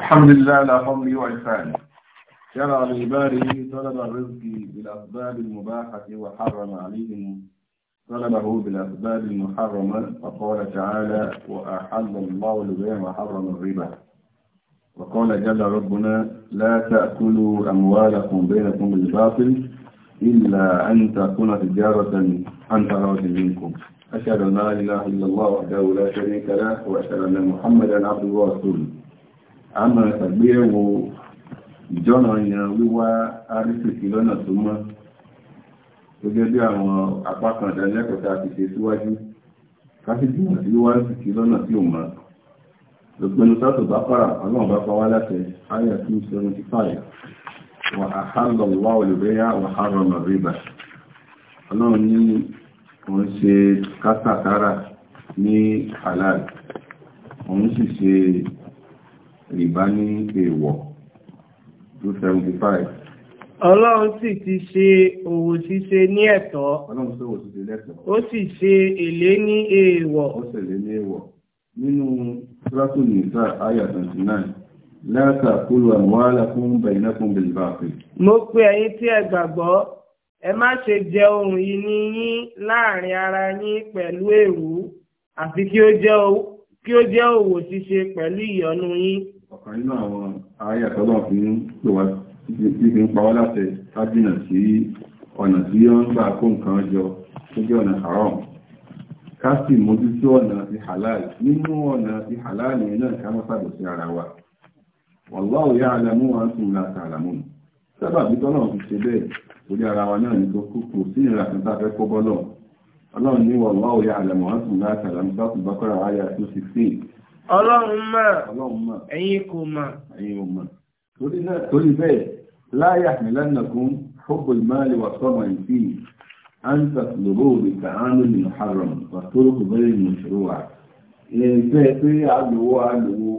الحمد لله على فضل وعفان شرع لعباده طلب الرزق بالأسباب المباحة وحرم عليهم طلبه بالأسباب المحرمة فقال تعالى وأحل الله البيع وحرم الربا وقال جل ربنا لا تأكلوا أموالكم بينكم بالباطل إلا أن تكون تجارة عن تراض منكم أشهد أن لا إله إلا الله وحده لا شريك له وأشهد أن محمدا عبده ورسوله àmọ́ ẹ̀gbé ẹ̀wọ̀ ìjọ́nà yan wíwá arísìkí lọ́nà tó mọ́ gẹ́gẹ́ bí àwọn apákan ìdánilẹ́kọ̀ọ́ta ti ṣe síwájú kásìdìmọ̀ sí wíwá arísìkí lọ́nà tí ò mọ́ ìpinnu sátò bá fara ọlọ́run bá pa wá láti ayà 275 wà àhálọ̀ wà olùrẹ́yà wà hárọ̀ màríbà ọlọ́run ní wọ́n ṣe kátàkárà ní halal wọ́n sì ṣe rìbá ní èèwọ̀ 275. Ọlọ́run sì ti ṣe òwò ṣíṣe ní ẹ̀tọ́. Ọlọ́run ṣe òwò ṣíṣe lẹ́tọ̀. Ó sì ṣe èlé ní èèwọ̀. Ó ṣèlé ní èèwọ̀. Nínú Sọ́tún Nìsá Ayà 29, Láta kúrò àwọn alákùn bẹ̀rẹ̀kùn bẹ̀rẹ̀ Mo pe ẹ̀yin tí ẹ gbàgbọ́, ẹ má ṣe jẹ ohun ìní yín láàrin ara yín pẹ̀lú èrú, àfi kí ó jẹ́ òwò ṣíṣe pẹ̀lú ìyọnu yín ọ̀kan nínú àwọn ayé àtọ́lọ̀ fi ń pè wá fífi ń pa wá láti ájìnà sí ọ̀nà tí ó ń gbà kó nǹkan jọ tó jẹ́ ọ̀nà haram ká sì mójú sí ọ̀nà ti halal nínú ọ̀nà ti halal yẹn náà ká má sàbò sí ara wa wallahu ya'lamu wa antum la ta'lamun sábàbí tọ́lọ̀ fi ṣe bẹ́ẹ̀ orí ara wa náà ní tó kú kò sí ìrìn àti tá a fẹ́ kó bọ́lọ̀ ọlọ́run ní wallahu ya'lamu wa antum la ta'lamun ọlọ́run mọ̀ ẹ̀yin kò mọ̀. torí bẹ́ẹ̀ láyà torí fọ́bù ìmáàlì wà sọ́mọ̀ ìfì àǹtà lòbó òbí wà tó lókù bẹ́ẹ̀ ní ìṣòro wa. ẹ̀ẹ́dẹ́ pé àlòwò àlòwò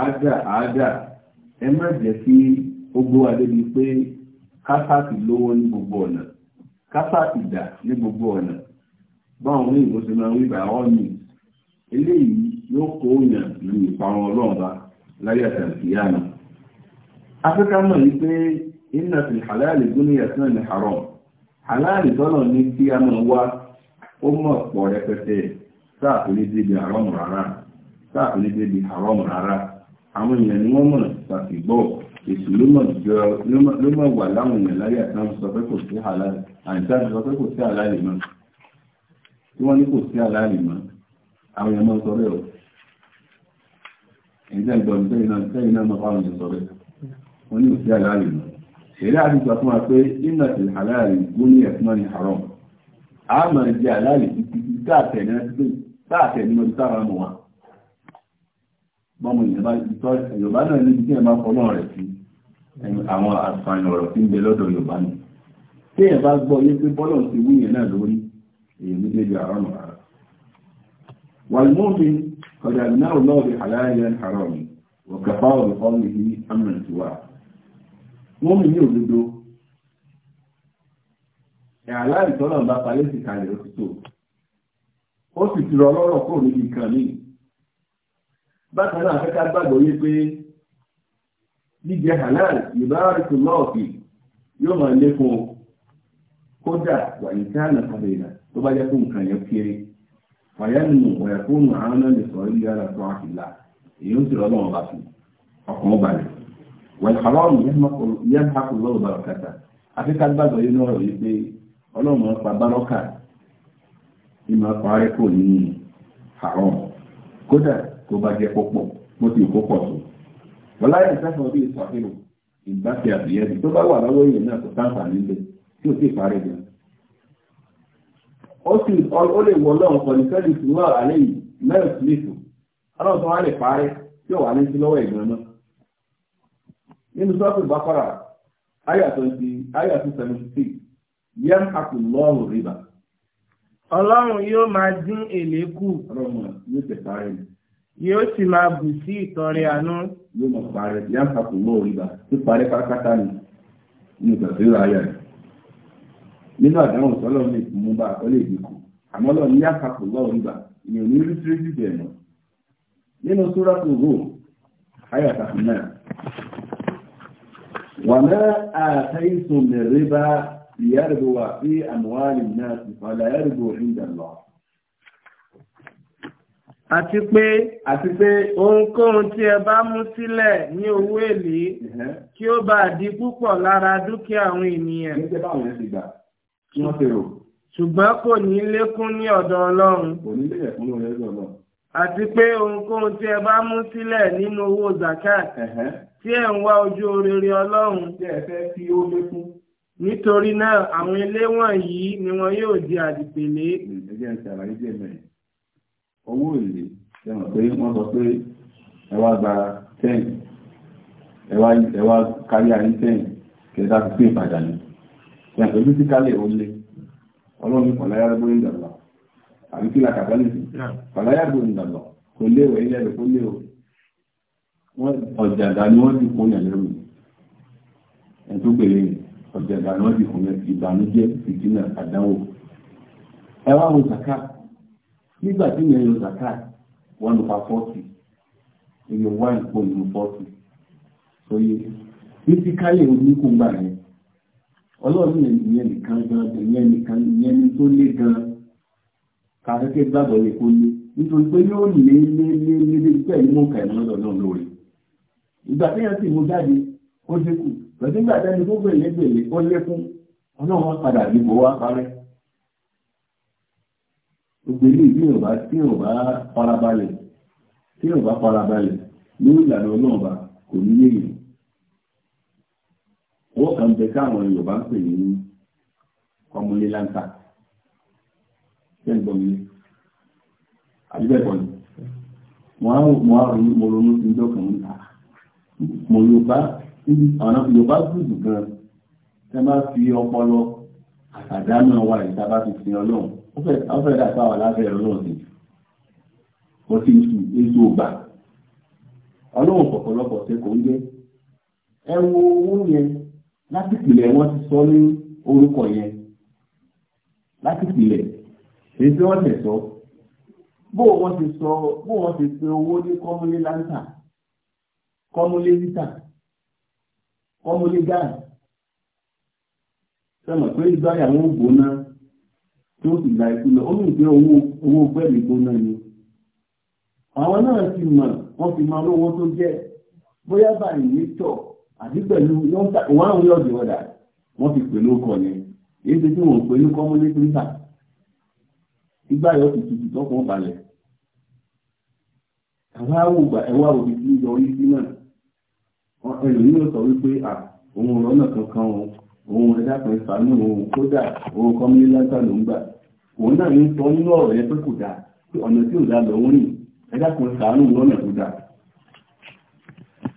àádà àádà ẹ yóò kó yàn lu ìparun ọlọ́run bá láyé àtàkìyà náà. afẹ́ká mọ̀ yí pé iná fi halali gúnìyà sí ní haram halali tọ́nà ní kí a máa wá ó mọ̀ pọ̀ rẹpẹtẹ sáà kò ní débi haram rárá sáà kò ní débi haram rárá àwọn èèyàn ni wọ́n mọ̀ tàbí gbọ́ èsì ló mọ̀ wà láwọn èèyàn láyé àtàwọn sọ pé kò sí halali àìsí àti sọ pé kò sí halali mọ́ tí wọ́n ní kò sí halali mọ́ àwọn èèyàn mọ́ sọ bẹ́ẹ̀ o ẹ̀dá ìgbọ̀nù tẹ́yìn náà mọ́fà òyìn sọ bẹ́ẹ̀ wọ́n ní òsì àlàáyé nù ṣẹ̀rí àdúgbà fún wa pé iná ti àlàáyé gbóní ẹ̀fún ní haram a mọ̀ ní jẹ́ àlàáyé títí táàtẹ̀ ní ọdún táwọn ọmọ wa bọ́mọ Yorùbá náà níbi tí ẹ bá fọ́ náà rẹ̀ sí àwọn àṣàyàn ọ̀rọ̀ tí ń bẹ lọ́dọ̀ Yorùbá ni tí ẹ bá gbọ́ yé pé bọ́lọ̀ ti wúyẹn náà lórí èyí ní débi فجعلناه الله بحلال حرام وكفى بقوله أما سواه mọ́mí ní òdodo ẹ̀hàlá ìtọ́nà bá parí sí kalẹ̀ ó sì ti rọ ọlọ́rọ̀ kò níbi kan ní bákan náà afẹ́ká gbàgbọ́ yé pé jíjẹ halal ìbáraẹ̀tò lọ́ọ̀fì yóò máa lékún kódà wà ní tó bá jẹ́ fún nǹkan yẹn kéré fàyẹ́nù ọ̀yẹ̀kùnù àwọn náà ilé ara tó èyí ń sọ̀rọ̀ lọ́wọ́ bá fi ọkùnrin balẹ̀ wàlùkàlọ́ọ̀mù yẹn hàkù lọ́wọ́ bá kàtà afíkà gbàgbọ́ yìí náà yìí pé ọlọ́mọ pa ìmọ̀ haram kódà tó bá jẹ́ mo ti kó pọ̀ tó wọ́n láyé bí ó sì ó lè wọ lọ́wọ́ pẹ̀lú fẹ́lì fún náà alẹ́ yìí mẹ́rin sí lè tó ọlọ́run tó wá lè parí tí ò wà ní sí lọ́wọ́ ìgbọ́n náà nínú sọ́ọ̀tù bákọ́rà ayà tó ti ayà tó seventy six yẹn àpò lọ́rùn rìbà. ọlọ́run yóò máa dín èlé kù ọlọ́run yóò tẹ̀ parí yóò sì máa bù sí ìtọrẹ àánú. yóò máa parí yẹn àpò lọ́rùn rìbà tó parí pátákátá ni ní ìgbà tó yóò nínú àdáhùn tọ́lọ́ lè fún mú bá àkọlé ìdínkù àmọ́ lọ ní àkàkù lọ́wọ́ nígbà ni òní rí tírí dìde ẹ̀nà nínú súrà tó hó àyà tàbí náà wà náà àtẹ́yìntò mẹ̀rẹ́ bá ìyárìbò wà sí àmúwárì náà sì fàlà yárìbò ìjà lọ. àti pé àti pé ohunkóhun tí ẹ bá mú sílẹ̀ ní owó èlé kí ó bá di púpọ̀ lára dúkìá àwọn ènìyàn. ní ṣe báwọn yẹn ti gbà tí wọ́n ti rò. ṣùgbọ́n kò ní lékún ní ọ̀dọ̀ ọlọ́run. kò ní lékún ní ọ̀dọ̀ ọlọ́run. àti pé ohunkóhun tí ẹ bá mú sílẹ̀ nínú owó zakat tí ẹ ń wá ojú rere ọlọ́run. tí ẹ fẹ́ fi ó lékún. nítorí náà àwọn ilé wọ̀nyí ni wọn yóò di àdìpèlé. ẹ jẹ́ ìṣàlàyé díẹ̀ mẹ́rin owó èlé ṣe mọ̀ pé wọ́n sọ pé ẹ wá gba ten ẹ wá kárí ayé ten kẹta fi pé ìpadà ni yàtọ̀ bí síkálẹ̀ ó lé ọlọ́run ní pàláyàgbó ìdàgbà àbí kí la kàbálẹ̀ sí pàláyàgbó ìdàgbà kò léwọ̀ ilẹ̀ rẹ̀ kó léwọ̀ ọ̀jàdà ni wọ́n ti kún yàn lẹ́rù ẹ̀ tó gbèrè ọ̀jàdà ni wọ́n ti kún yàn ìbànújẹ́ ìdínà àdánwò ẹ wá wo zaka nígbà tí yẹn yọ zaka one over forty èyí wá ìpò nínú forty so yé ní síkálẹ̀ ó ní kó gbà yẹn ọlọ́run ìyẹn nìkan gan ìyẹn nìkan ìyẹn ní tó lé gan kàkẹ́kẹ́ gbàgbọ́ yẹ kó lé nítorí pé yóò lé lé lé lé lé pẹ̀lú mú kàìmọ́ lọ́dọ̀ náà lórí ìgbà téèyàn sì mú jáde ó dínkù pẹ̀lú ìgbà tẹ́ni tó gbèlé gbèlé ó lékún ọlọ́run wá padà dìbò wá parẹ́ gbogbo ilé ìdí ìrọ̀bá tí ìrọ̀bá farabalẹ̀ tí ìrọ̀bá farabalẹ̀ lórí ìlànà ọlọ́run kò ní yéèyàn ó kàn bẹ káwọn Yorùbá ń pè ní ọmọlé láńtà ṣé ń gbọ́ mi àbíbẹ̀kọ ni mo á ronú mo ronú sí ọjọ́ kan níta mo Yorùbá ọ̀nà Yorùbá gbùdù gan tẹ bá fi ọpọlọ àtàdámọ̀ wa ìta bá ti sin Ọlọ́run ó fẹ́ dà sáwà lábẹ́ Ọlọ́run sí ó sì ń sùn èso ògbà Ọlọ́run pọ̀pọ̀lọpọ̀ ṣe kò ń jẹ́ ẹ wo owó yẹn láti ìpìlẹ̀ wọ́n ti sọ ní orúkọ yẹn láti ìpìlẹ̀ èyí tí wọ́n tẹ̀ sọ bó wọ́n ti sọ bó wọ́n ti pe owó ní kọ́múlé láńtà kọ́múlé lítà kọ́múlé gáàsì sẹ́mọ̀ pé ìgbáyà wọn gbóná tí ó sì gba ikú lọ ó mìí pé owó pẹ́ẹ̀lì gbóná ni àwọn náà ti mọ̀ wọ́n fi mọ olówó tó jẹ́ bóyá báyìí ní tọ̀ àbí pẹ̀lú one way or the other wọ́n fi pẹ̀lú ọkọ̀ yẹn èyí tí wọ́n ń pè ní kọ́múlétírítà ìgbà yọ tuntun tọkàn balẹ̀ àwọn awùgbà ẹ̀wọ́ àwòrán tí ń sí náà yóò sọ kankan o òun ẹ̀dá kan òun kódà òun ló ń gbà òun náà ń sọ nínú ọ̀rọ̀ yẹn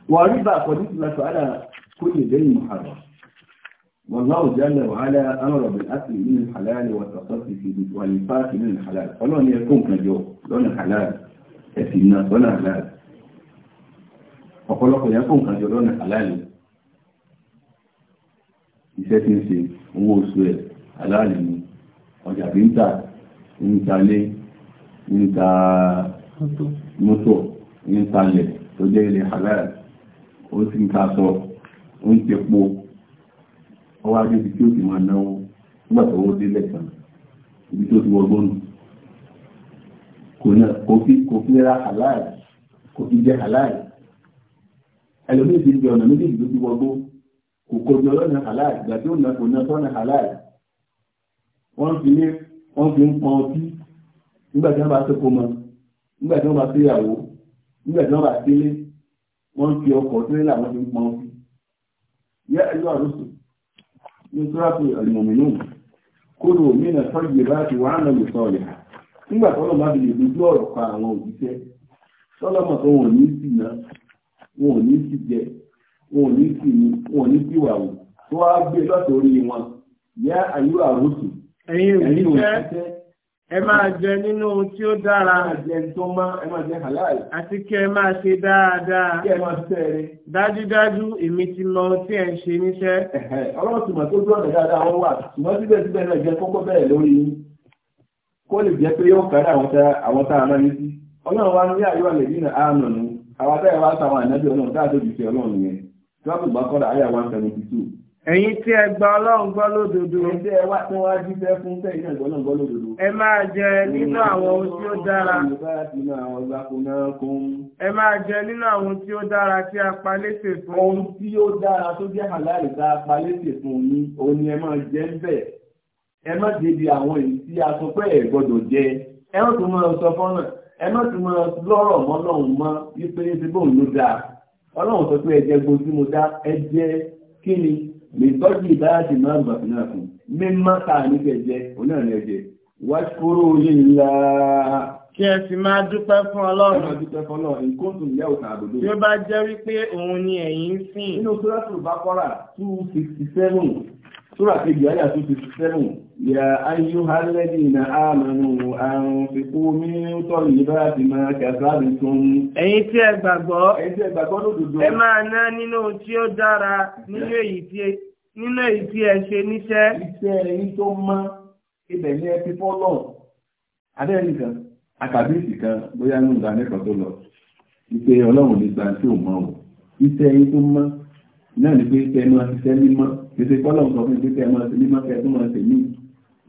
والربا قديسة على كل دين محرم والله جل وعلا أمر بالأكل من الحلال والتصفي والإنفاق من الحلال فلون يكون كجو لون حلال في الناس لون حلال ọ̀pọ̀lọpọ̀ yẹn kò nǹkan jọ lọ́nà aláàlú iṣẹ́ tí ń ṣe owó oṣù ẹ̀ aláàlú ni ọjà bí ń tà ń talé ń ta mọ́tò ń talẹ̀ tó jẹ́ ilẹ̀ aláàlú ó ti ń tasọ ó ń tepo ọwọ́ adé ibi tí ó ti máa náwó nígbà tó wọ́n délẹ̀ tán ibi tó ti wọgbọ́n nù kò fi kò fi ra halal kò fi jẹ halal ẹlòmíì ti ń jẹ ọ̀nà méjèèjì tó ti wọgbọ́n kò kojú ọlọ́nà halal ìgbà tí ó nà kò ná sọ́nà halal wọ́n fi ní wọ́n fi ń pọn ọtí nígbà tí wọ́n bá tó kó mọ nígbà tí wọ́n bá tó yàwó nígbà tí wọ́n bá délé wọ́n fi ọkọ̀ tírélà wọ́n fi ń pọn sí yẹ ẹ̀yọ́ àrùsù ní sọ́ràtù àlùmọ̀mìnú kúrò nínú sọ́ọ̀jì láti wà ánà lè sọ̀rọ̀ nígbà tọ́lọ̀ má fi lè dojú ọ̀rọ̀ pa àwọn òṣìṣẹ́ tọ́lọ̀ mọ̀ tó wọn ní sí iná wọn ò ní sí jẹ wọn ò ní sí mu wọn ní sí wàwù tó wá gbé lọ́tọ̀ orí wọn yẹ ẹ̀yọ́ àrùsù ẹ̀yìn òṣìṣẹ́ ẹ máa jẹ nínú ohun tí ó dára àjẹ tó halal. àti kí ẹ máa ṣe dáadáa. kí ẹ máa ṣiṣẹ́ rẹ. dájúdájú èmi ti mọ ohun tí ẹ ń ṣe níṣẹ́. ọlọ́run ti mọ̀ tó dúró ọ̀nà dáadáa wọn wà ṣùgbọ́n síbẹ̀síbẹ̀ náà jẹ́ kọ́kọ́ bẹ́ẹ̀ lórí yín kó lè jẹ́ pé yóò kárí àwọn tá a rán yín sí. ọlọ́run wa ní àyọ̀ àlẹ́ nínú àánú nu àwọn táyà wá sáwọn ànábì ọlọ́run táà sí ọlọ́run yẹn tí wọ́n kò gbà kọ́ ẹ̀yin tí ẹ gba ọlọ́run gbọ́ lódodo. ẹgbẹ́ ẹ wá tí wọ́n á jíṣẹ́ fún bẹ́ẹ̀ náà gbọ́ náà gbọ́ lódodo. ẹ máa jẹ nínú àwọn ohun tí ó dára. ẹ máa jẹ nínú àwọn ohun tí ó dára tí a pa léṣe fún. ohun tí ó dára tó jẹ́ àláàlì tá a pa léṣe fún ni òun ni ẹ máa jẹ ń ẹ má débi àwọn èyí tí a sọ pé ẹ gbọ́dọ̀ jẹ. ẹ má tún máa sọ fọ́nà ẹ má tún máa lọ́rọ̀ mọ́ ọlọ́run mọ́ wípé ní ti bóun ló dáa ọlọ́run sọ pé ẹ jẹ gbogbo tí mo dá ẹ jẹ kí ni mìtọ́jú ìbáyàtì máa ń bà fún náà fún mímọ́ ta ní kẹjẹ onáàrin ẹjẹ wá kúrò nílá. kí ẹ sì máa dúpẹ́ fún ọlọ́run. ẹ máa dúpẹ́ fún ọlọ́run nǹkan tó yẹ òkà àbòdó. tí ó bá jẹ́ wípé òun ni ẹ̀yin ń two sixty seven. Súrà kejì ayà tó ti sẹ́mù, yà ayú hálẹ́dì na àmànù àrùn fipú mí tọ́ ìyíbá ti máa kàtàbí tún. Ẹ̀yin tí ẹ gbàgbọ́, tí ẹ gbàgbọ́ Ẹ máa ná nínú tí ó dára nínú èyí tí ẹ ṣe níṣẹ́. Iṣẹ́ tó ibẹ̀ ní ẹ kan, akàbíyèsí kan, bóyá ní tó lọ. Iṣẹ́ ọlọ́run tí o. Iṣẹ́ tó náà ní pé iṣẹ́ ìṣe pọ́lọ̀ nǹkan fún ìgbésẹ̀ máa ṣe mímọ́ kẹ́ tó máa ṣe mí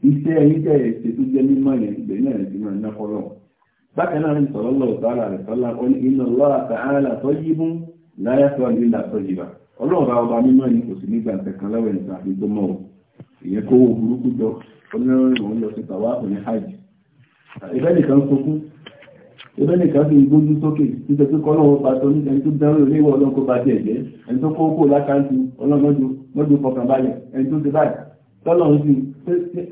iṣẹ́ ẹ̀yìn jẹ́ ẹ̀ṣẹ̀ tó jẹ́ mímọ́ yẹn ìgbẹ́ náà ti máa ná fọ́lọ̀ bákan náà ń sọ̀rọ̀ lọ́wọ́ sọ́lá rẹ̀ sọ́lá ó ní iná lọ́wọ́ àtàlà tó yí mú láyà sọ́ọ́ ní ìlà tó yíra ọlọ́run bá ọba mímọ́ ni kò sí nígbà kankan lọ́wọ́ ẹ̀ tàbí tó mọ́ ìyẹn kó burúkú jọ onírànlọ́wọ́ lọ sí tàwa àpò hajj ìbẹ́ nìkan sọkún ìbẹ́lẹ̀ kan fi gbójú sókè títẹ̀ tó kọ́nà wọn pàtó ní ẹni tó dánwò ilé ìwọ̀ ọlọ́nkó bá ti ẹ̀jẹ́ ẹni tó kókó lákàntì ọlọ́mọdún mọ́dún fọkàn balẹ̀ ẹni tó ti báyìí tọ́lọ̀ ń sì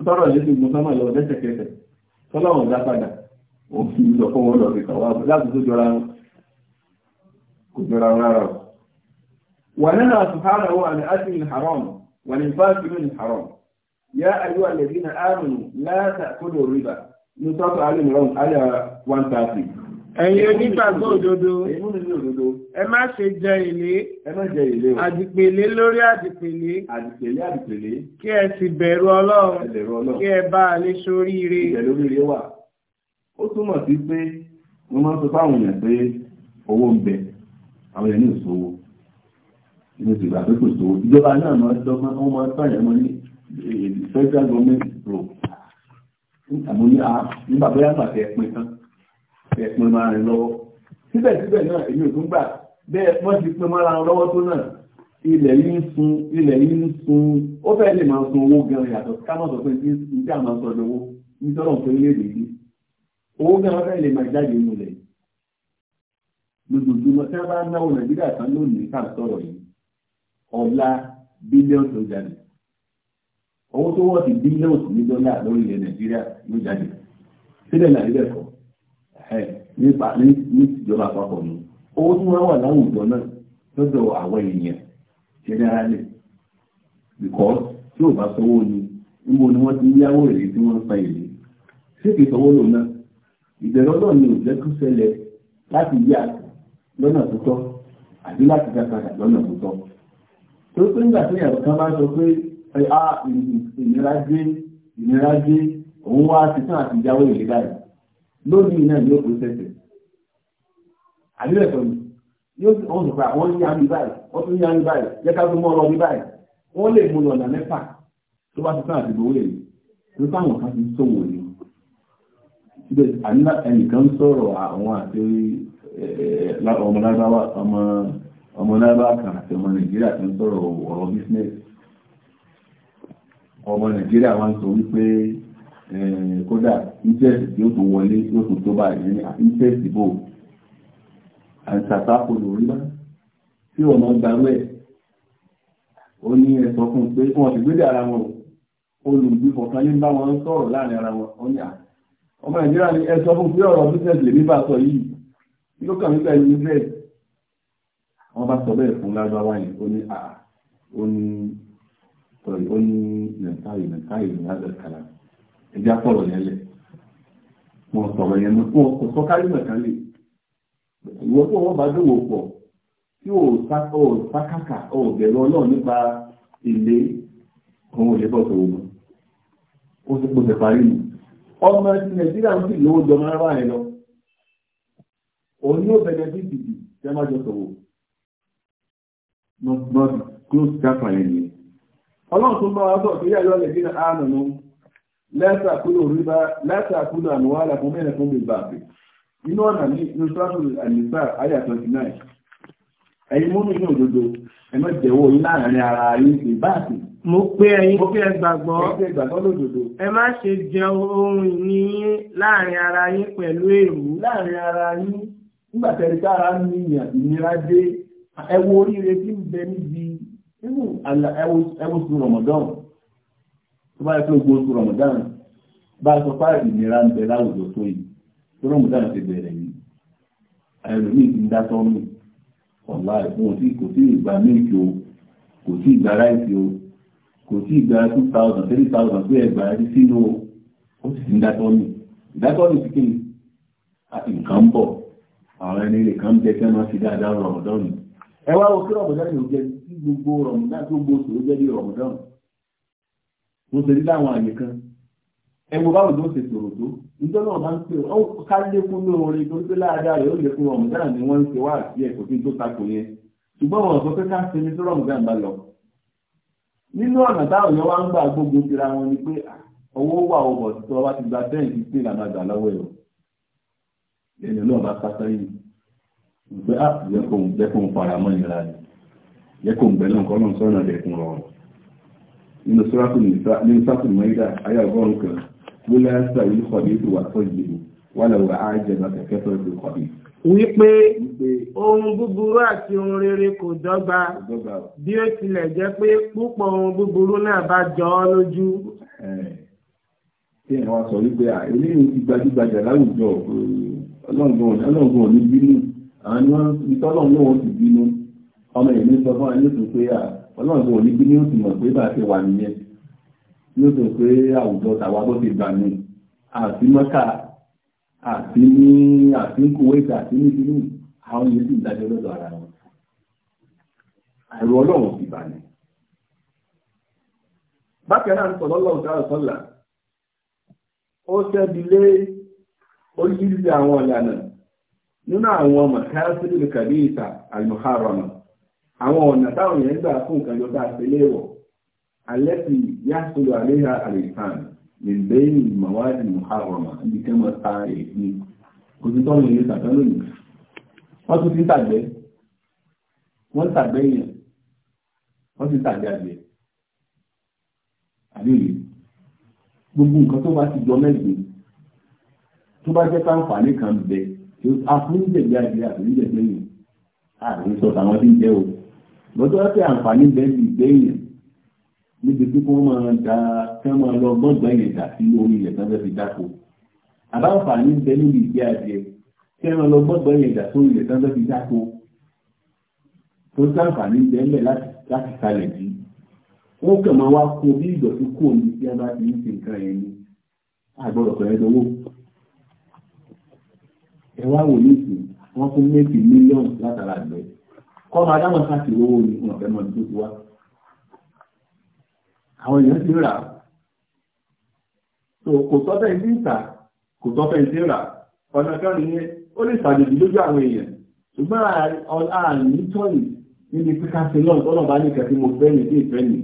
tọ́rọ̀ yẹn sì mú sọ́mà lọ lẹ́sẹ̀kẹsẹ̀ tọ́lọ̀ wọn dá padà òfin lọ ní sọ́tọ̀ alìmìíràn alìà 130. ẹ̀yin onígbàgbọ́ òdodo ẹ má ṣe jẹ èlé àdìpèlé lórí àdìpèlé àdìpèlé àdìpèlé kí ẹ sì bẹ̀rù ọlọ́run kí ẹ bá a lè ṣoríire. ìbẹ̀lóríire wà ó túmọ̀ sí pé wọ́n máa ń sọ fáwọn èèyàn pé owó ń bẹ àwọn èèyàn ní ìṣòwò inú ìgbà pé kò sówó ìjọba náà máa dọ́gbọ́n wọ́n máa eh, federal government broke àmọ́ ní nígbà bóyá nígbà tẹ ẹ̀pin tán ẹ̀pin máa rìn lọ́wọ́ síbẹ̀síbẹ̀ náà èmi ò tún gbà bẹ́ẹ̀ wọ́n ti pin mára lọ́wọ́ tó náà ilẹ̀ yìí ń sun ilẹ̀ yìí ń sun ó fẹ́ lè máa sun owó gan yàtọ̀ ká sọ pé ní tí a máa sọ lówó nítorí òun pé léde yìí owó gan fẹ́ lè máa jáde nínú ilẹ̀ lójoojúmọ́ tí wọ́n bá náwó Nàìjíríà tán lónìí ká sọ̀rọ̀ yìí ọ̀la bílíọ̀nù tó jáde owó tó wọ́n ti bílíọ̀nù ní dọ́là lórí ilẹ̀ nàìjíríà ló jáde sílẹ̀ nàìjíríà kọ́ nípa ní ìjọba àpapọ̀ ni owó tí wọ́n wà láwùjọ náà lọ́dọ̀ àwọn èèyàn generally because tí ò bá sanwó ni níbo ni wọ́n ti ń yáwó èrè tí wọ́n ń san èrè ṣé kì í sanwó lò náà ìbẹ̀rọ̀dọ̀ ni ò jẹ́ kó ṣẹlẹ̀ láti yá lọ́nà tó tọ́ àbí láti dákadà lọ́nà tó tọ́ tó pé tó yàrá kan pé á ìnira dé ìnira dé òun wá ti tán àti ìjáwé ìlé báyìí lónìí náà yóò pèsèsè àbílẹ̀kọ̀ ni yóò sì ọ̀hún nípa wọ́n yá mi báyìí wọ́n tún yá mi báyìí jẹ́ ká tó mọ́ ọ mi báyìí wọ́n lè mú lọ́nà mẹ́fà tó bá ti tán àti ìbòwé yìí tó táwọn kan ti sòwò ni síbẹ̀ ẹnìkan sọ̀rọ̀ àwọn àti ọmọ lágbáwá ọmọ lágbáwá kan àti ọmọ nàìjíríà kan sọ̀rọ̀ ọ̀rọ̀ bísínẹ́sì ọmọ nàìjíríà wá ń sọ wípé kódà interest yóò tó wọlé yóò tó tó báyìí ní interest bò àìsàtà kò lórí bá tí ọmọ gbarú ẹ ó ní ẹsọ fún un pé wọn ti gbédè ara wọn o olùdí fọkàn ní bá wọn sọ̀rọ̀ láàrin ara wọn ó ní à ọmọ nàìjíríà ní ẹsọ fún un pé ọ̀rọ̀ business lèmi bá sọ yìí yóò kàn mí pẹ̀lú business wọn bá sọ bẹ́ẹ̀ fún lágbára yẹn ó ní à ó ní sọ̀rọ̀ ó ní nàìjíríà nàìjíríà ní àgbẹ̀kàrà ẹja sọ̀rọ̀ yẹn lẹ̀ wọn sọ̀rọ̀ yẹn mọ́ wọn kò sọ́kárí mọ̀kán lè ìwọ tó wọn bá dòwò pọ̀ tí ò sákàkà ò bẹ̀rù ọlọ́run nípa ilé òun ò lè bọ̀ sọ̀rọ̀ mọ́ ó ti pòṣẹ̀ parí mu ọmọ ti nàìjíríà ń sì lówó jọmọ ara rẹ lọ òun yóò bẹ̀rẹ̀ bí tí a máa jọ sọ̀rọ̀ not not close to that one yẹn ọlọ́run tó ń bá wa sọ̀rọ̀ tó mẹ́rin fún mi inú ọ̀nà ní àyà 29 ara sí mo pé mo pé ẹ gbàgbọ́ mo pé gbàgbọ́ ẹ ṣe jẹ ohun ìní láàrin ara yín pẹ̀lú èrú. láàrin ara yín nígbà tẹ̀lé tára ń ní ìnira dé ẹ wo oríire tí ń bẹ níbi nínú ẹwọ́sùn rọmọdán tó bá yẹ pé gbogbo oṣù rọmọdán bá a sọ pé ìnira ń bẹ láwùjọ tó yìí tó rọmọdán ti bẹ̀rẹ̀ yìí ẹlòmíì ti ń dá sọ́ọ̀mù ọ̀la ẹ̀fún òtí kò sí ìgbà mílíkì o kò sí ìgbà ráìsì o kò sí ìgbà two thousand three thousand pé ẹgbàá rí sínú ó sì ti ń dá sọ́ọ̀mù ìdá sọ́ọ̀mù ti kéde àti nǹkan ń bọ̀ àwọn ẹni rẹ̀ kan ń bẹ kí wọ́n ti dáadáa rọmọdán ẹ wá wo kí rọmọdán yóò jẹ́ ní kí gbogbo rọ̀mùdá tó gbogbo òṣòro jẹ́ bí rọ̀mùdá mo ṣe rí láwọn àyè kan ẹ wo báwo ló ṣe sòrò tó níjọ́ náà máa ń pè ó ká lékún lóore tó ń pè láàdáa rẹ̀ ó lékún rọ̀mùdá ni wọ́n ń ṣe wá àti ẹ̀kọ́ tó takò yẹn ṣùgbọ́n wọn sọ pé ká sinmi tó rọ̀mùdá ń bá lọ nínú ọ̀nà táwọn èèyàn wá ń gbà gbógun tira wọn ni pé ah, owó wà ọbọ̀ tó wá ti gba tẹ́ǹtì sí ìlànà àgbà lọ́wọ́ ẹ̀rọ ẹ̀yìn náà bá sá sẹ́yìn ìgbé àpùjẹ́kùn ah, fara mọ́ ìlera yẹ́kùn gbẹ̀lẹ̀ nǹkan náà sọ́nà ẹ̀kùn rọrùn nínú sọ́kùn mẹ́ta ayé ọgọ́rùn kan ló lẹ́sà yìí kọ̀dí tó wà tó yìí wà lọ́wọ́ ààjẹ bá kẹ̀kẹ́ tó ti kọ̀dí. wípé ohun búburú àti ohun rere kò dọ́gba bí ó tilẹ̀ jẹ́ pé púpọ̀ ohun búburú náà bá jọ ọ́ lójú. ṣé ìwọ sọ wípé eléyìí ti gbajúgbajà láwùjọ ọlọ́gbọ̀n ọlọ́gbọ̀n ò ní bínú àwọn ni wọ́n ti tọ́lọ́ ọmọ ìlú sọ fún ẹni tó pé ọlọ́run kò bí ní oṣù pé bá ṣe wà nìyẹn ní oṣù pé àwùjọ tàwa bó ti gbà ní àti mọ́kà àti ní àti àti ní ìlú àwọn yìí sì dájọ́ lọ́dọ̀ ara wọn àìrò ọlọ́run ti bà ní. bákan náà ń sọ lọ́lọ́run sára sọ́là ó ṣẹ́bi lé oríṣiríṣi àwọn ìlànà nínú àwọn mọ̀káyásílẹ̀ kàbíyèsà àlùmọ̀hárọ̀mù àwọn ọ̀nà táwọn èèyàn gbà fún nǹkan jọ bá àtẹ́lẹ̀ wọ̀ alẹ́ ti yá sódò àléhà àlèkàn lè bẹ́yìn ìmọ̀wádìí muharrama níbi kí wọ́n ta èyí kò sí tọ́lù ilé tàbí lónìí wọ́n tún ti ń tàgbẹ́ wọ́n ń tàgbẹ́ yẹn wọ́n ti ń tàgbẹ́ àgbẹ̀ àbíyè gbogbo nǹkan tó bá ti jọ mẹ́gbẹ̀ẹ́ tó bá jẹ́ káǹfààní kan bẹ̀ àfúnjẹ̀gbẹ́ àgbẹ̀ àbíyè lẹ́yìn àrùn sọ̀tà wọn ti ń jẹ́ o lọ́jọ́ pé àǹfààní bẹ́ẹ̀ sì gbẹ̀yìn níbi tí wọ́n máa da kí wọ́n máa lọ gbọ́ngbọ́n yẹn dà sí orí ilẹ̀ tán fẹ́ fi dáko àbáǹfààní bẹ́ẹ̀ níbi ìgbé adìẹ kí wọ́n lọ gbọ́ngbọ́n yẹn dà sórí ilẹ̀ tán fẹ́ fi dáko tó sáǹfààní bẹ́ẹ̀ láti kalẹ̀ sí wọ́n kàn máa wá kó bí ìdọ̀tí kò ní bí a bá ti ń ṣe nǹkan yẹn ni àgbọ̀dọ̀ pẹ̀lú ẹ̀dọ́wọ́ ẹ wá wò ní ìsìn wọ́n fún méjì mílíọ̀nù látara àgbẹ̀ kọ́ máa dámọ̀ sáàkì owó ní fún ọ̀fẹ́ mọ́ni tó ti wá àwọn èèyàn ti rà so kò tọ́fẹ́ ní ìta kò tọ́fẹ́ ti rà ọ̀nà kan nìyẹn ó lè sàdéjì lójú àwọn èèyàn ṣùgbọ́n ààrùn nítorí níbi pípa ṣe náà tọ́nà bá ní kẹfí mo fẹ́ ní ìfẹ́ ní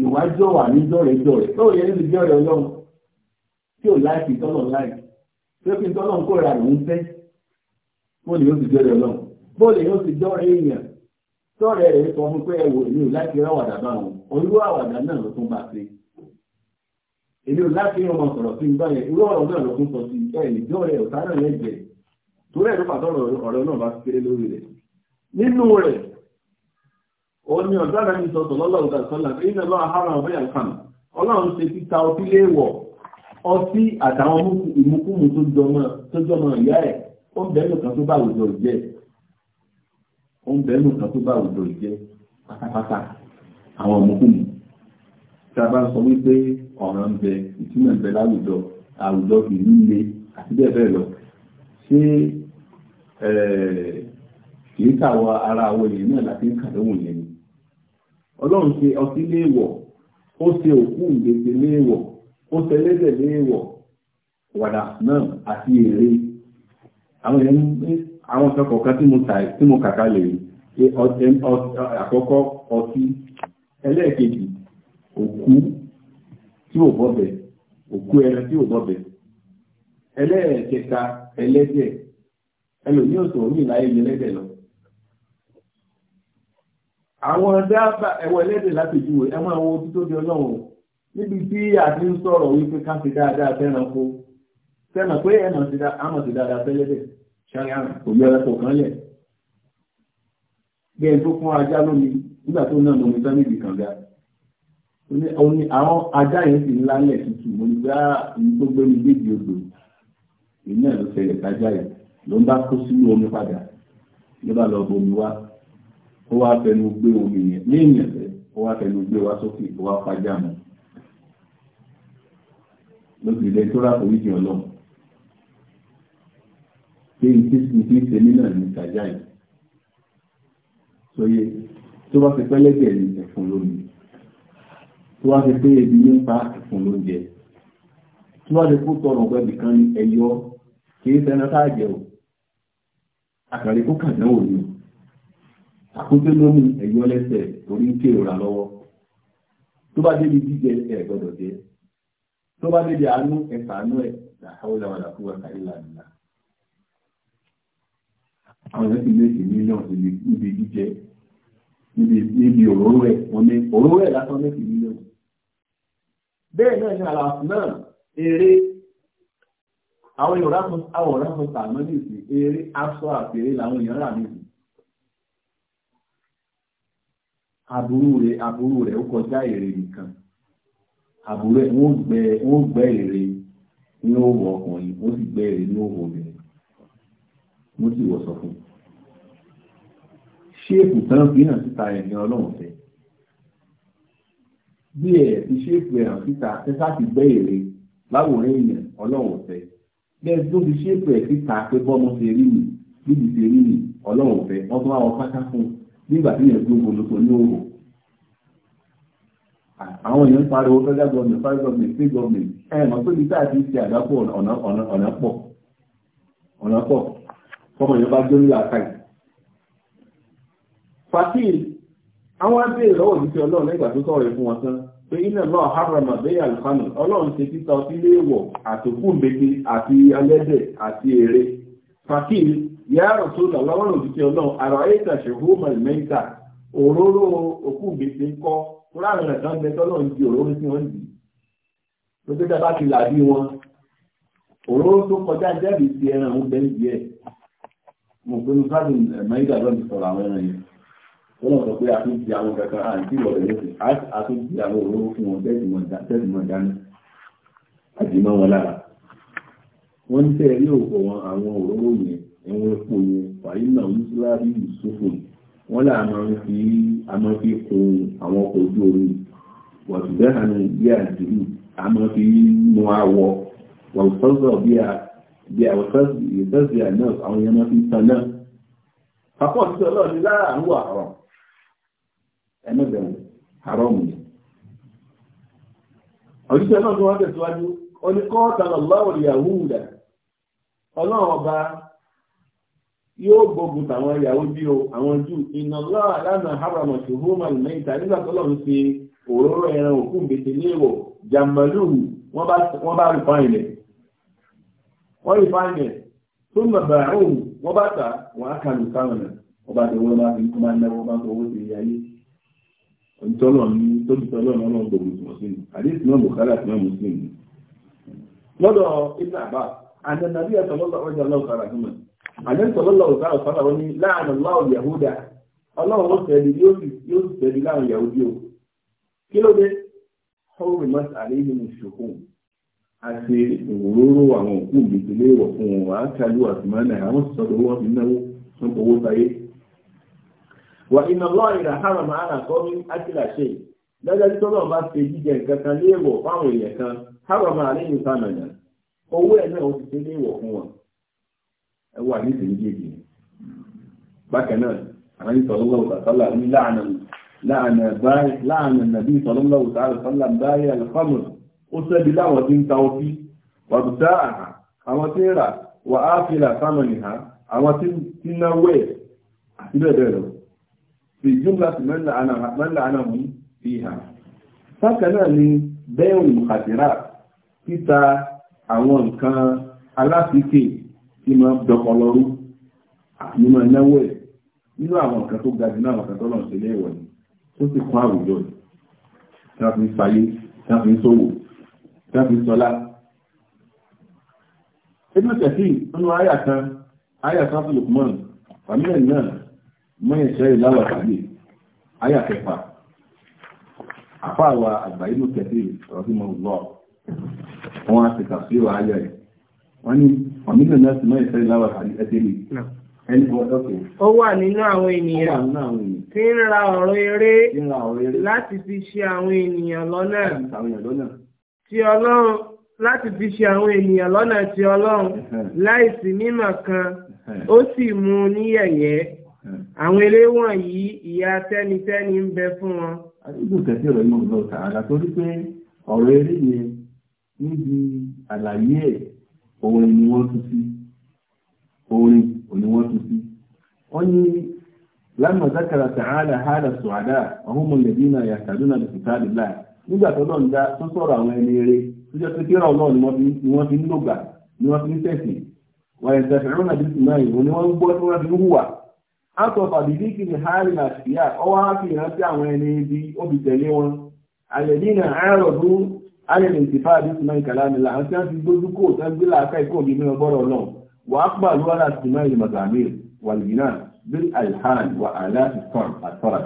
ìwájọ́ wà ní jọ̀rẹ̀jọ̀rẹ̀ tó yẹ níbi jọ̀rẹ̀ ọlọ́run tí ò láìsí tọ́nà láìsí tí ó fi tọ́nà kó ra ìwúfẹ́ bóòlù yóò ti jọ̀rẹ̀ ọlọ́run bóòlù yóò ti jọ̀rẹ̀ èèyàn tọ́ọ̀rẹ́ rẹ̀ sọ fún pé ẹwò èmi ò láti ráwàdà bá wọn olúwa àwàdà náà ló tún bá ṣe èmi ò láti rí ọmọ sọ̀rọ̀ sí ìgbà yẹn irú ọ̀rọ̀ náà ló tún sọ sí ẹ̀ nìjọ́ rẹ̀ ọ̀tá náà yẹn jẹ torí ló fà ọ̀rọ̀ náà bá kéré lórí rẹ̀ nínú rẹ̀ ó ní ọ̀dọ́ náà ní sọ̀tọ̀ lọ́lọ́run tàbí sọ́lá pé iná lọ́wọ́ hàrà ọ̀bẹ́ àkàn ọlọ́run ṣe títa ọtí léèwọ̀ ọtí àtàwọn ìmúkúmu tó jọmọ ìyá ẹ̀ ó bẹ́ẹ̀ lọ́kàn tó bá àwùjọ ìjẹ́ ó ń bẹ̀rù kan tó bá òjò jẹ pátápátá àwọn ọmọkùnmù tí a bá sọ wípé ọ̀ràn ń bẹ ìtumọ̀ ń bẹ láwùjọ àwùjọ kì í le àti bẹ́ẹ̀ bẹ́ẹ̀ lọ ṣé kì í kàwọ ara àwọn èèyàn náà láti ń kàdéhùn yẹn ni ọlọ́run ṣe ọtí léèwọ̀ ó ṣe òkú ìgbèsè léèwọ̀ ó ṣe ẹlẹ́dẹ̀ léèwọ̀ wàdà náà àti èrè àwọn èèyàn ń àwọn ìfẹ́kọ̀ọ́ kan tí mo kàkà lè rí àkọ́kọ́ ọtí ẹlẹ́ẹ̀kejì òkú tí ò bọ́bẹ̀ òkú ẹran tí ò bọ́bẹ̀ ẹlẹ́ẹ̀kẹta ẹlẹ́dẹ̀ ẹlòmí ò sọ̀rọ̀ yìí láyé ẹlẹ́dẹ̀ lọ àwọn dáàbà ẹwọ ẹlẹ́dẹ̀ láti ju ẹmọ àwọn ojú tó di ọlọ́run níbi tí a ti ń sọ̀rọ̀ wípé ká fi dáadáa fẹ́ràn kó fẹ́ràn pé ẹ̀nà ti dáadáa fẹ́lẹ́dẹ̀ ṣáyà kò yọ ẹ̀kọ́ kan lẹ̀ bí ẹni tó fún ajá lómi nígbà tó náà lómi tán níbi kànga àwọn ajá yẹn sì ńlá lẹ̀ tutù mo ní bá ní tó gbé mi déjì odò èyí náà ló ṣẹlẹ̀ sájá yẹn ló ń bá kó sínú omi padà ló bá lọ bomi wá ó wá fẹnu gbé omi yẹn ní ìyẹn ó wá fẹnu gbé wá sókè ó wá pajá mọ́ lóṣù ilẹ̀ tó rà kò ọlọ́run pé tí sùn fi ṣe mí náà ní ìtajà yìí sóye tó bá fi pẹ́lẹ́gẹ̀ ní ẹ̀fún lómi tó bá fi pé ebi nípa ẹ̀fún lóúnjẹ tó bá fi kó tọrọ ọgbẹ́ nìkan ní ẹyọ kìí sẹ́nà táàjẹ́ o àkàrí kó kàdánwò ni àkójọ lómi ẹyọ lẹ́sẹ̀ torí ń kérora lọ́wọ́ tó bá débi jíjẹ ẹ gbọ́dọ̀ jẹ tó bá débi àánú ẹ fàánú ẹ làwọn ìlànà kúwà kárí lànà àwọn ẹ̀sìn méjì mílíọ̀nù níbi jíjẹ níbi òróró ẹ̀ wọ́n ní òróró ẹ̀ lásán méjì mílíọ̀nù. bẹ́ẹ̀ náà ní àlàáfù náà eré àwọn èèyàn ráfún àwọn ọ̀rẹ́ fún tààmọ́ ní ìsìn eré aṣọ àpèrè làwọn èèyàn rà níbi. aburú rẹ̀ aburú rẹ̀ ó kọjá èrè nìkan aburú ẹ̀ wọ́n gbẹ́ èrè ní òwò ọkùnrin ó sì gbẹ́ èrè ní òwò mi wọ́n sì wọ̀ sọ fún un ṣéèpù tán fi hàn síta ẹ̀ ní ọlọ́run fẹ́ bí ẹ̀ ti ṣéèpù ẹ̀ hàn síta tẹ́sà ti gbẹ́ èrè láwòrán èèyàn ọlọ́run fẹ́ bí ẹ tó fi ṣéèpù ẹ̀ síta pé bọ́mọ ṣe rí mi bíbi ṣe rí mi ọlọ́run fẹ́ wọ́n tún àwọn pátá fún nígbà tí yẹn gbogbo lóko ní òwò àwọn èèyàn pariwo federal government federal government state government ẹ̀ mọ̀ pé bí táà ti ṣe àdápọ̀ ọ̀nà pọ̀ ọ̀nà pọ̀ fọmọ yẹn bá jó ní làákàyè. fatil àwọn abẹ́rẹ́ lọ́wọ́ ní ti ọlọ́run lẹ́gbàá tó sọ̀rọ̀ fún wọn tán pé iná náà harama bẹ́ẹ̀ alùpàmù ọlọ́run ṣe títa ọtí léèwọ̀ àtòkùnbẹ́gbẹ́ àti alẹ́dẹ̀ àti èrè fatil yàrá tó lọ lọ́wọ́rùn ti ti ọlọ́run àrà ẹ̀ta ṣèhómà mẹ́ta òróró òkùnbẹ́gbẹ́ ńkọ́ fúlàní rẹ̀ kan bẹ tọ́lọ́run di òróró tí wọ́n dì í lókè tá a bá ti làbí wọn òróró tó kọjá jẹ́bi ti ẹran òun bẹ́ẹ̀ mo pé mo sáàdùn ẹ̀mọ́ ìgbà lọ́nà sọ̀rọ̀ àwọn ẹran yẹn ó lọ sọ pé a tún di àwọn kankan à ń tí ìwọ̀rọ̀ yóò a tún di àwọn òróró fún wọn tẹ́sí mọ̀ dání àti mọ́ wọn lára wọ́n ní tẹ́ rí òkò wọn àwọn òróró yẹn ẹ̀wọ̀n epo yẹn wàyí náà ń tí láàrí ìṣòfò wọ́n là máa fi kun àwọn ọkọ̀ ojú omi wàtúbẹ́hànú bí àdìrí a máa fi mú àwọ̀ wàtúbẹ́hànú bí àdìrí bí àwọn tẹ́sí àná àwọn èèyàn máa fi tan náà papọ̀ sí ọlọ́run ní lára àwọn àrọ̀ ẹ̀mẹ́bẹ̀rún àrọ̀ mù ní òjíṣẹ́ náà tó wá tẹ̀síwájú ó ní kọ́ tàlọ́láwọ̀ Yahuda ọlọ́run ọba yóò gbógun tàwọn Yahudi o àwọn jù iná lọ́wọ́ lánà haramọ̀ tó hóma ìmẹ́ta nígbà tó lọ́run fi òróró ẹran òkú gbèsè léèwọ̀ jàmbálù wọ́n bá rìpọ́n ilẹ̀ wọ́n rí fáńgẹ̀ tó mọ̀ bàrà òun wọ́n bá tà wọ́n á kàlù sáwọn ẹ̀ wọ́n bá dẹ̀wọ́ bá fi kó máa náwó bá fọwọ́ sí ilé ayé ìtọ́lọ̀ ní tó ti tọ́lọ̀ náà náà gbogbo ìtumọ̀ sí ni àdéhùn náà bùkálà tí wọ́n mú sí ni. lọ́dọ̀ ibn abba àdànàbí ẹ̀sọ̀lọ́lọ́ ọjà lọ́kàrà fún mi àdéhùnsọ̀lọ́lọ́ ọ̀sán ọ̀sán àwọn ní láàánú láwọn yahuda ọlọ́run ó tẹ̀lé yóò sì tẹ̀lé láwọn yahudi a ṣe òróró àwọn òkú mi ti léèwọ̀ fún wọn wà á na àtìmọ́lẹ̀ àwọn sọ̀rọ̀ wọn fi náwó fún owó sáyé. wà iná lọ́ọ̀ ìrà hàrọ̀ máa rà kọ́ ní ákìlà ṣe dájájú tó náà bá ṣe jíjẹ nǹkan kan léèwọ̀ fáwọn èèyàn kan hàrọ̀ máa owó ẹ̀ náà ó ti ṣe fún wọn. ẹ wà ní bákan ó sẹ́bi láwọn tí ń ta ọtí wàbùtá àhà àwọn tí ń rà wà á fi rà sáwọn àwọn tí ń náwó àti bẹ́ẹ̀ bẹ́ẹ̀ lọ. fi jumla ti mẹ́lá àná mú fi hà. sákà náà ni bẹ́ẹ̀wù àdìrà títa àwọn nǹkan aláfíkè tí máa ń àti máa náwó nínú àwọn nǹkan tó ga jù àwọn kan tó lọ́n ṣe ni tó sì kún àwùjọ ni tí wọ́n fi ń sayé tí wọ́n fi tẹ́fì sọlá inú tẹ̀sí nínú àyà kan àyà sáfì lukman famílẹ̀ náà mọ́yẹ̀ ṣẹ́ ìláwà tàbí àyà kẹfà àfáàwà àgbà inú tẹ̀sí rọ́símọ̀ lọ wọn a ti kàfí wà áyà ẹ̀ wọ́n ní famílẹ̀ náà sì mọ́yẹ̀ ṣẹ́ ìláwà tàbí ẹtẹ́lì Ó wà nínú àwọn ènìyàn tí ń ra ọ̀rọ̀ eré láti fi ṣe àwọn ènìyàn lọ́nà. ti ọlọ́run láti fi ṣe àwọn ènìyàn lọ́nà ti ọlọ́run láìsí mímọ̀ kan ó sì mú un ní àwọn eré wọ̀nyí ìyá tẹ́nitẹ́ni ń bẹ fún wọn. àdúgbò kẹsì ọ̀rọ̀ yìí lọ tààrà torí pé ọ̀rọ̀ eré yẹn níbi àlàyé ẹ̀ orin ni wọ́n tún sí orin ni wọ́n tún sí. wọ́n ní lámà zákàrà tààrà hàdà sùhàdà ọ̀hún mọ̀lẹ́bí náà yàtàdúnà lè fi nígbà tó lọ́n da tó sọ̀rọ̀ àwọn ẹni eré tó jẹ́ pé kíra ọlọ́run ni wọ́n fi ń lògbà ni wọ́n fi ń tẹ̀sí wàyẹ̀ ìtẹ̀fẹ̀rún àti ìsìnmáà ìbò ni wọ́n ń gbọ́ tí wọ́n fi ń hùwà. out of abidiki ni harry nàṣíyà ọwọ́ á fi ìrántí àwọn ẹni ibi òbí tẹ̀lé wọn. àlẹ́dínà àárọ̀ tó ayẹ̀lẹ̀ ìtìfà àti ìsìnmáà ìkàlà nílà àti àti gbójú kò tán gbé làákà ìkó òbí mẹ́rin bọ́rọ̀ náà wà á pàlú àlà ìsìnmáà ìlú mazamir wàlìgínà bil alhan wà àlà ìfọ̀n àtọ́rà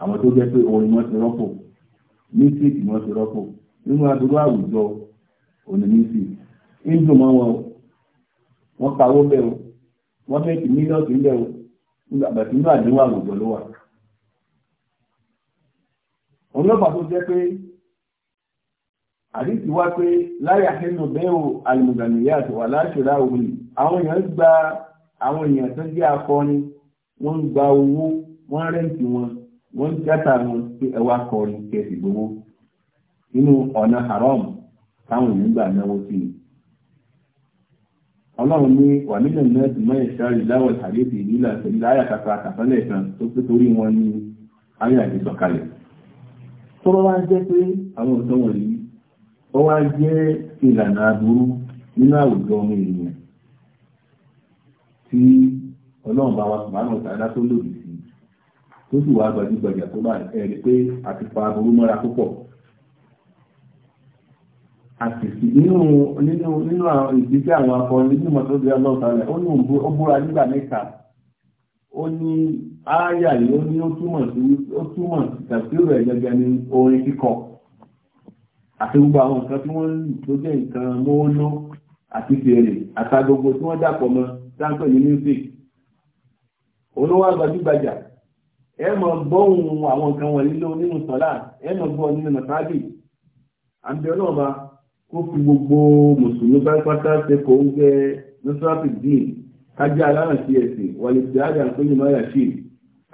àwọn tó jẹ́ pé orin wọn ti rọ́pò mísíkì wọn ti rọ́pò nínú adúrú àwùjọ òní mísíkì hindu mọ́ wọn o wọ́n pawó bẹ́ẹ̀ o wọ́n méjì mílíọ̀nù bẹ́ẹ̀ o nígbà tí nínú àdéhùn àwùjọ ló wà. ọlọ́pàá tó jẹ́ pé àdìsí wá pé láyà nínú bẹ́ẹ̀ o àlùmọ̀gànìyà àti wà láṣẹ̀dá òun àwọn èèyàn gba àwọn èèyàn tó jẹ́ akọni wọ́n ń gba owó wọ́n rẹ́ǹtì wọn wọ́n ń játa wọn pé ẹ wá kọrin kẹsì gbowó nínú ọ̀nà haram táwọn èèyàn gbà náwó sí i. ọlọ́run ní wàmílẹ̀ náà ti máa ṣáàrì láwọ̀ àdéhùn ìlú àtẹ̀lé ayàkàtà àkàtàlẹ̀ kan tó pé torí wọn ní ayé àdìsọ̀kalẹ̀. tó bá wá jẹ́ pé àwọn ọ̀dọ́ wọ̀nyí ó wá jẹ́ ìlànà aburú nínú àwùjọ ọmọ ènìyàn tí ọlọ́run bá wa sùn bá náà tó lòdì sí tó sì wá gbajúgbajà tó bá ẹ̀rí pé àti fa aburú mọ́ra púpọ̀ àtìsí nínú nínú nínú ìdíjẹ́ àwọn akọrin nínú mọ̀tòdì ọlọ́ọ̀tàlẹ̀ ó ní ó búra nígbà mẹ́ta ó ní ááyà yìí ó ní ó túmọ̀ sí ó túmọ̀ tàbí rẹ̀ gẹ́gẹ́ ní orin kíkọ àti gbogbo àwọn nǹkan tí wọ́n ń tó jẹ́ nǹkan mọ́ọ́nà àti fèrè àtàgbogbo tí wọ́n dàpọ̀ mọ́ sáńpẹ̀ ní music olówó àgbàjúgbajà ẹ mọ̀ gbọ́hùn àwọn nǹkan wọ̀nyí ló nínú sọ́lá ẹ mọ̀ gbọ́ nínú nàfàbì àbí ọlọ́ọ̀ba kó fi gbogbo mùsùlùmí pátápátá ṣe kò ń gẹ nọ́sọ́ọ̀tì dín kájá aláràn sí ẹ̀sìn wàlẹ̀ sí àjà tó yìí máa yàṣì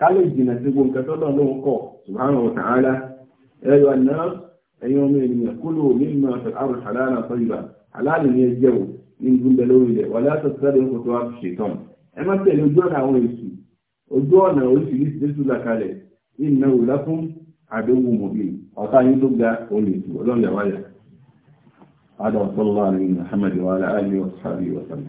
ká lè jìnà sí gbogbo nǹkan tọ́lọ́ ló ń kọ̀ subhanahu wa ta'ala ẹ̀rọ àná ẹ̀yin ọmọ ènìyàn kúlò nínú àrùn àlànà sọ́yìnbà aláàlú ni ẹ jẹ́ o ní gbúgbẹ lórí rẹ̀ wàlẹ́ àtọ̀tọ̀ ojú ọ̀nà oríṣiríṣi tó tún làkalẹ̀ iná òlá fún àdéhùn mọ̀bí ọ̀tá yín ló ga olè tù ọlọ́run yàwáyà adọ̀ sọ́lọ́ àrùn muhammadu wa wa sàbí wa sàbí